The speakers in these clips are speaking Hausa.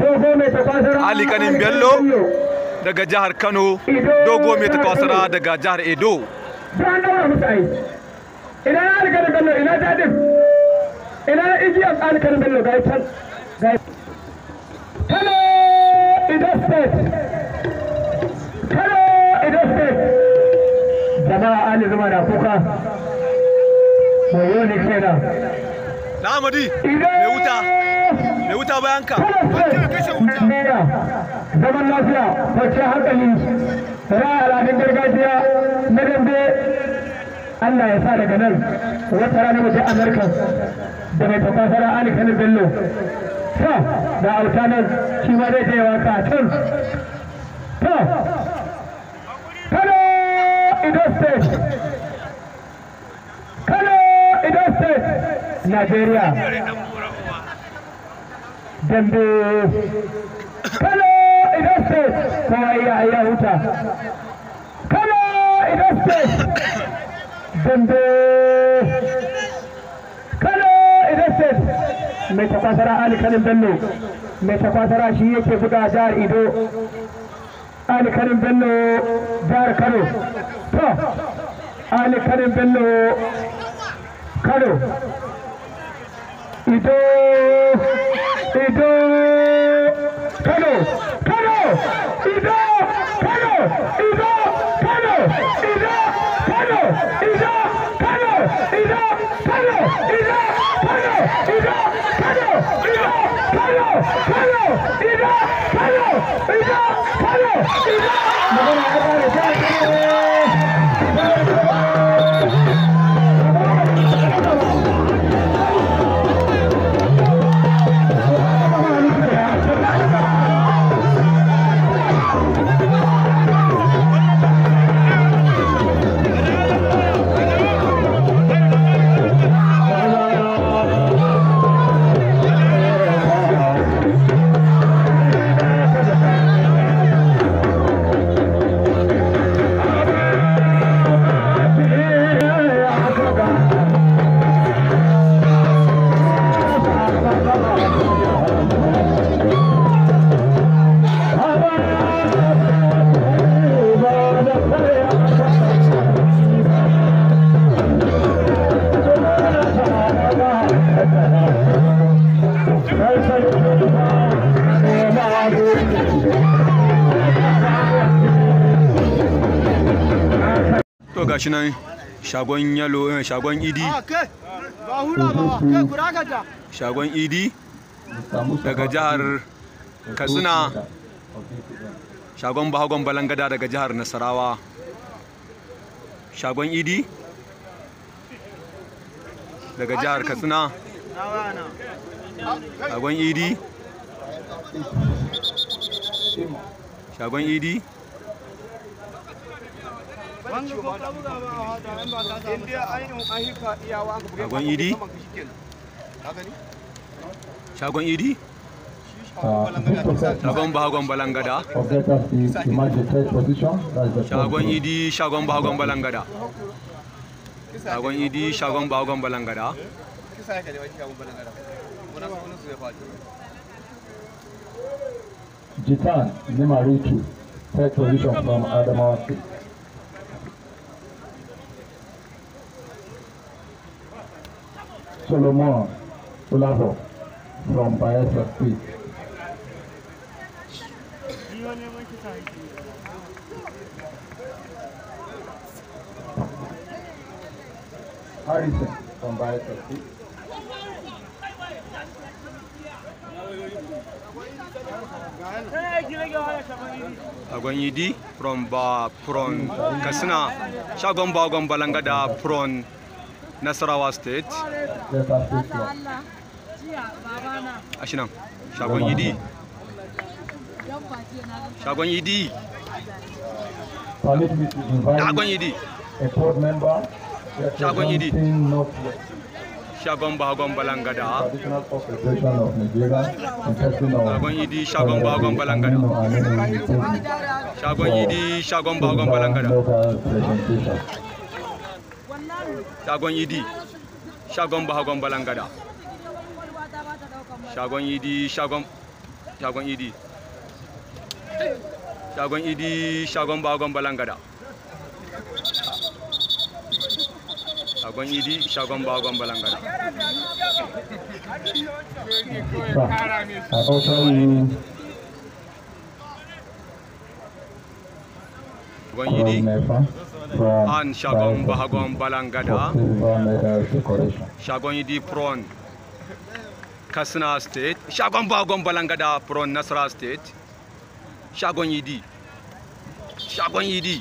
Ali Kanin Bello daga jihar Kano dogo mai takwasara daga jihar Edo ina Ali Kanin Bello ina ina Ali Kanin Bello ga can Hello Edo State Hello Edo State jama'a Ali zama kuka kenan na Amadi me wuta mai wuta bayan zaman lafiya kwanciyar hankali raya al'adun gargajiya na dambe Allah ya sa daga nan wata rana waje Amurka da mai tafasara Ali Kanu Bello to da auta nan shi ma zai je a can Ta Kano Ido State Kano Ido State Nigeria huta Ali ॾिलो न सफ़ा ido ali jar इले खनि ॾिनल to ali खनि ॾिनल खड़ो oh gashi nan shagon yalo eh, shagon idi ah, shagon idi daga jihar katsina shagon bahagon balangada daga jihar nasarawa shagon idi daga jihar katsina shagon idi shagon idi shagon idi ah, shagon idi shagon bahagon balangada shagon idi shagon bahagon balangada shagon idi shagon bahagon balangada jitan nima ritu third position from adamawa state Solomon Olavo from Bayelsa State. Harrison from Bayelsa State. Agwanyidi from ba from Kasina Shagomba bagon balanga da from nasarawa state ashi yidi. shagon yidi shagon yidi shagon yidi shagon yidi shagon bagon balangada shagon yidi shagon bagon balangada shagon yidi shagon bagon balangada shagon idi shagon bahagon balangada shagon idi shagon shagon idi shagon idi shagon bahagon balangada shagon idi shagon bahagon balangada shagon idi An Shagon Bahagon Balangada, Shagon yi di prone Kasina State, Shagon Bahagon Balangada prone nasara State, Shagon di Shagon di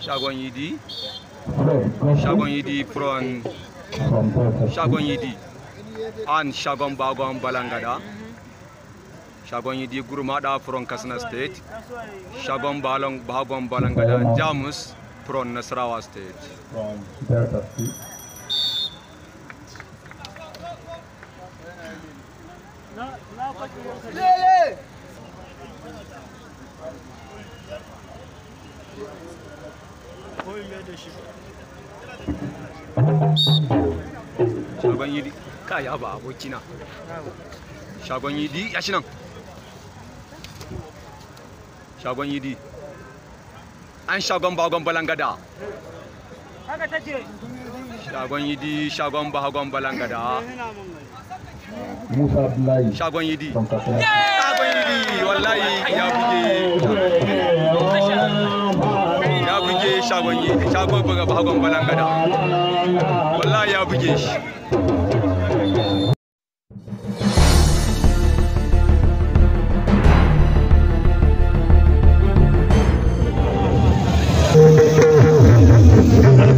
Shagon di Shagon di prone Shagon di an Shagon Bahagon Balangada. shagon yi yidi gurmada from katsina state shagon balon bagon balon gada jamus from nasarawa state shagon di ka ba abokina shagon yidi ya shi nan shagon yidi an shagon bagon balangada shagon yidi shagon bagon balangada musa abdullahi shagon yidi shagon yidi wallahi ya buge ya buge shagon yidi shagon bagon balangada wallahi ya buge shi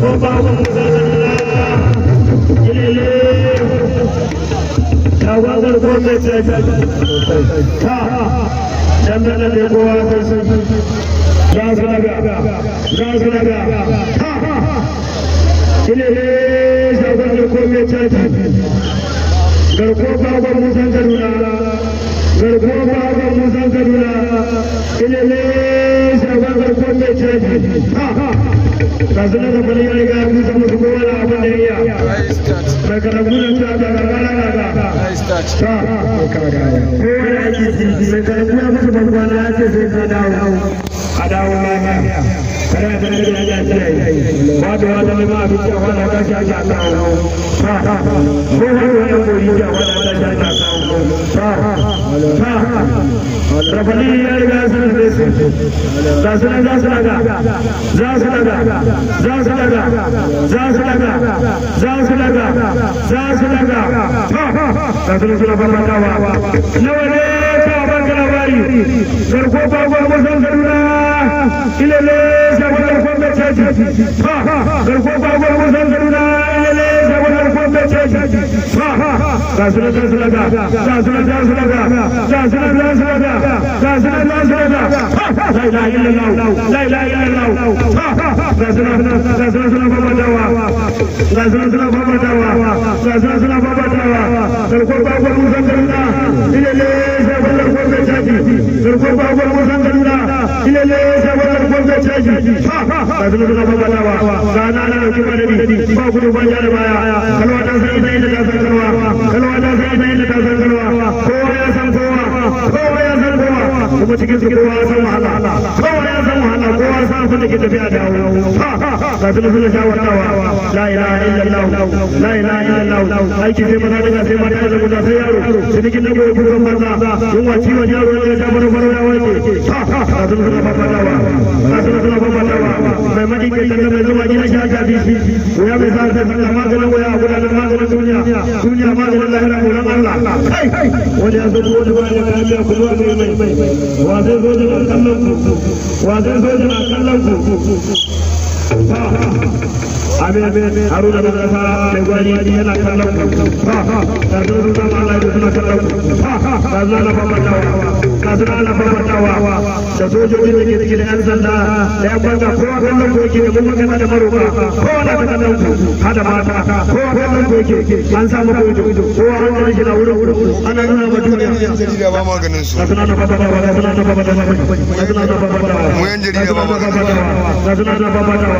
shawarar gwamnati ta dandana ne kowa kai sun za su daga za su daga ilele shawarar gwamnati ta garko baban musan kaduna garko baban musan kaduna ilele shawarar gwamnati ta kasuwar da bari ya riga ya kusa musu kowa da abin da mai karabu da ta ta karba na kaka ta kowa da ake titi mai karabu ya musu bankwana ya ce sai dawo a dawo lafiya سلام النبي عليه السلام ما بهذا ما في جهل هذا شجع تعالى صح هو هو يقول جهل هذا شجع صح صح ربني يا جاسم جاسم جاسم جاسم جاسم جاسم جاسم جاسم جاسم جاسم جاسم Bukari garko gwagwa da caji Garkuwar babuwar musan garuna, ilele sabalar gwamza caji ba su mutu gaba wa sana na dauki madadi ba gudu ban ya da baya kalwa ta sai da ita ta sarkarwa kafin sun sha warkarwa la ilaha illallah la ilaha illallah aiki sai maza daga sai mata da guda sai yaro cikin na goyi kukan banza yunwa ciwon yaro ne ya baro baro ya wanke kafin suna fafatawa kafin suna fafatawa mai makikin da mai zuwa gina sha sha bishi wuya mai sa ta sanda maganin wuya a gudanar maganin duniya duniya maganin lahira kuran Allah wani ya zo wani bayan ya kayan biya kuma wani mai wa wasan sojin a kallon ku wasan sojin a kallon ku amin haruna kasa mai yana kallon ya ma su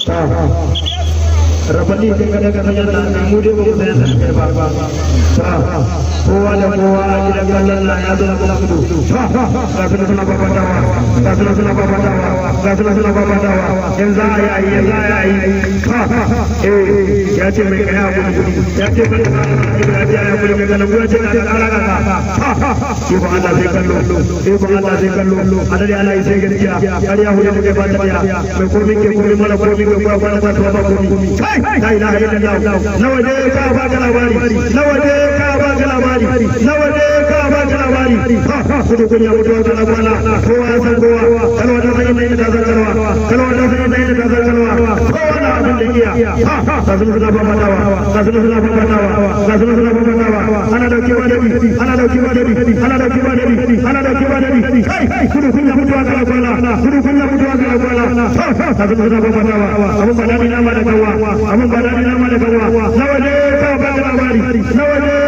Thank you. rabali din ka sanya da na mu dai ba ku sanya da ba ba kowa a gidan kallon na ya zama kuma kudu ga suna suna babatawa ga suna suna babatawa ga ya ce mai kaya kudu kudu ya ce mai kaya kudu ya ce ya kudu mai kallon ya ce na kara kasa ko ba Allah sai kallo eh ba Allah sai kallo adadi ana yi sai gaskiya har ya hudu muke ya mai komai ke komai mana komai ke kuma kwana kwana ba la ilaha illallah nawa je ka ba labari kokari ya mutuwa tana kwana kowa ya san kowa kalwa ta san inda yake tasar kalwa kalwa ta san inda yake tasar kalwa kowa na abin da iya ha ga suna suna bambatawa ga suna suna bambatawa ga suna suna bambatawa ana dauke ba bi ana dauke ba bi ana dauke ba bi ana dauke ba dadi kai kudu kunya mutuwa tana kwana kudu kunya mutuwa tana kwana ha ga suna suna bambatawa abun ba dadi na ma da kawa abun ba dadi na ma da kawa nawa ne ka ba labari nawa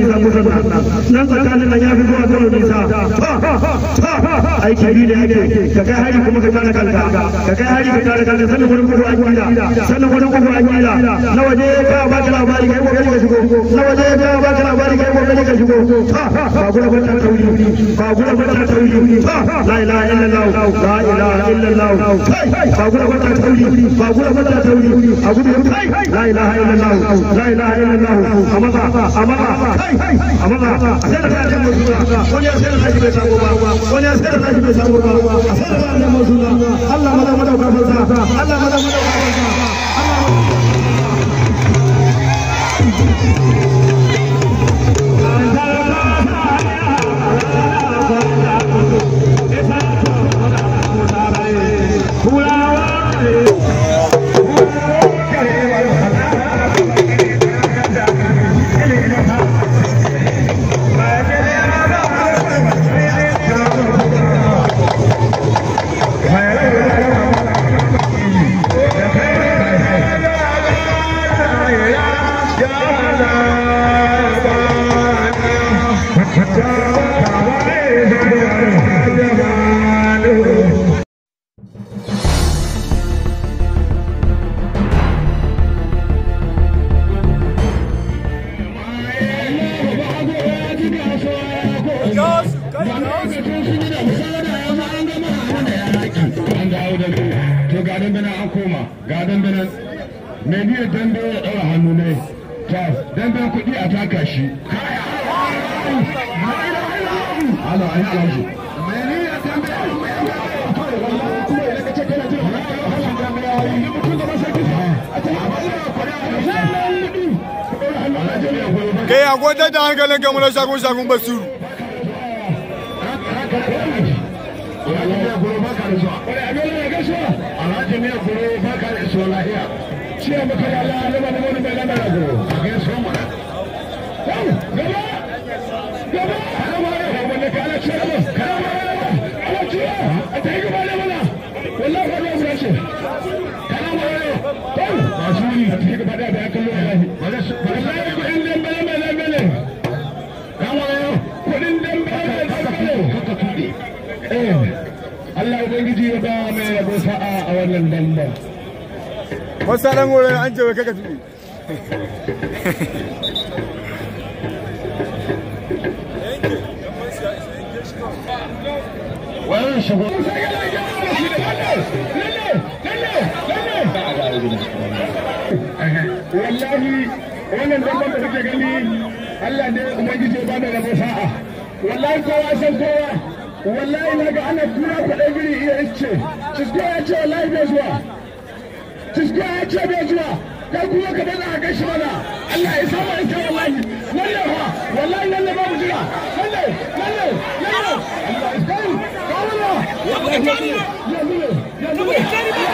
nisa kusan da Allah nan tsakanin nan ya fi zuwa kano nisa aiki biyu da ka kai hari kuma ka kare kanka ka kai hari ka kare kanka sannan wurin kudu aiki da sannan wurin kudu aiki da na waje na waje ya kawo ba gura ba ta ba gura ba ta tauri la ilaha illallah la ilaha illallah ba gura ba ta tauri ba ba ta tauri a gudu la ilaha illallah la a maza a sai da kayan mazuna sabo ba wani ya sai da nashi bai sabo ba a sai da kayan mazuna Allah maza madauka fansa Allah maza madauka fansa kai a kwantar da hankalin kamar shagun shagun basiru Wallahi ya Eh, Allah ubangiji ya ba mai rabo sa'a a wannan damba wasu ɗan an ce kaka tuɗi wannan shigo wallahi wannan da kake gani Allah ne ubangiji ya ba mai sa'a wallahi kowa san kowa wallahi na ga ana tura kwaɗan giri iya ce. cisko ya ce wallahi bai zuwa cisko ya ce bai zuwa kai kuma ka dana a gashi mana Allah ya samu iske wallahi lalle ha wallahi lalle ba mu jira lalle lalle lalle Allah ya kai kawala ya nuna ya nuna ya nuna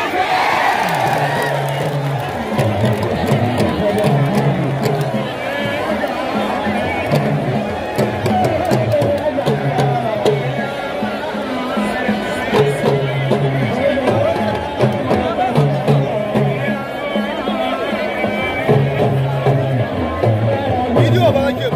bidiyo bana ake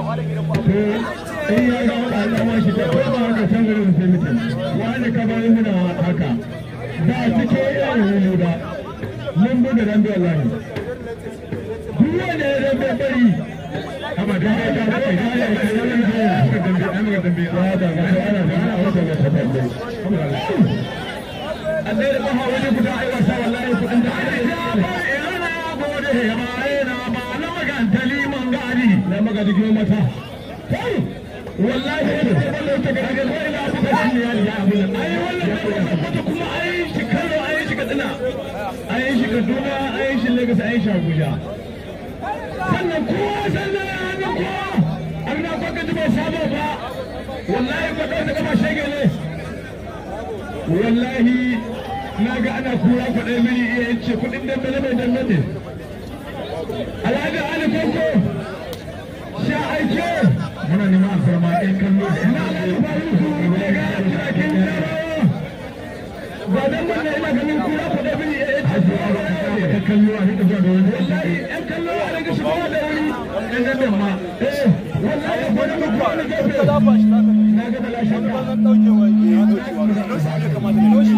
in ya ga wata haka ba ga kai da ya ga wani da ya ga dambe an wallahi kudin da ana yi ya ba ya na gode ya ba ya ba na magantali na magadi goma ta kai wallahi ya ce ballo ta ga ga wani na suka shi ne ya abin nan ai wallahi ta kuma ai shi Kano ai shi Katsina ai shi Kaduna ai shi Lagos ai shi Abuja sannan kowa sannan ya hana kowa abin da kwaka ji ba wallahi ba kawai ta gama shege ne wallahi na ga ana kura kwaɗai mini iya yace kuɗin dambe na mai dambe ne alhaji ali koko muna neman alfarma ɗan kallo ina alhaji faru su ne ga jiragen jarawa ba da bini a rika zuwa da wani wallahi ɗan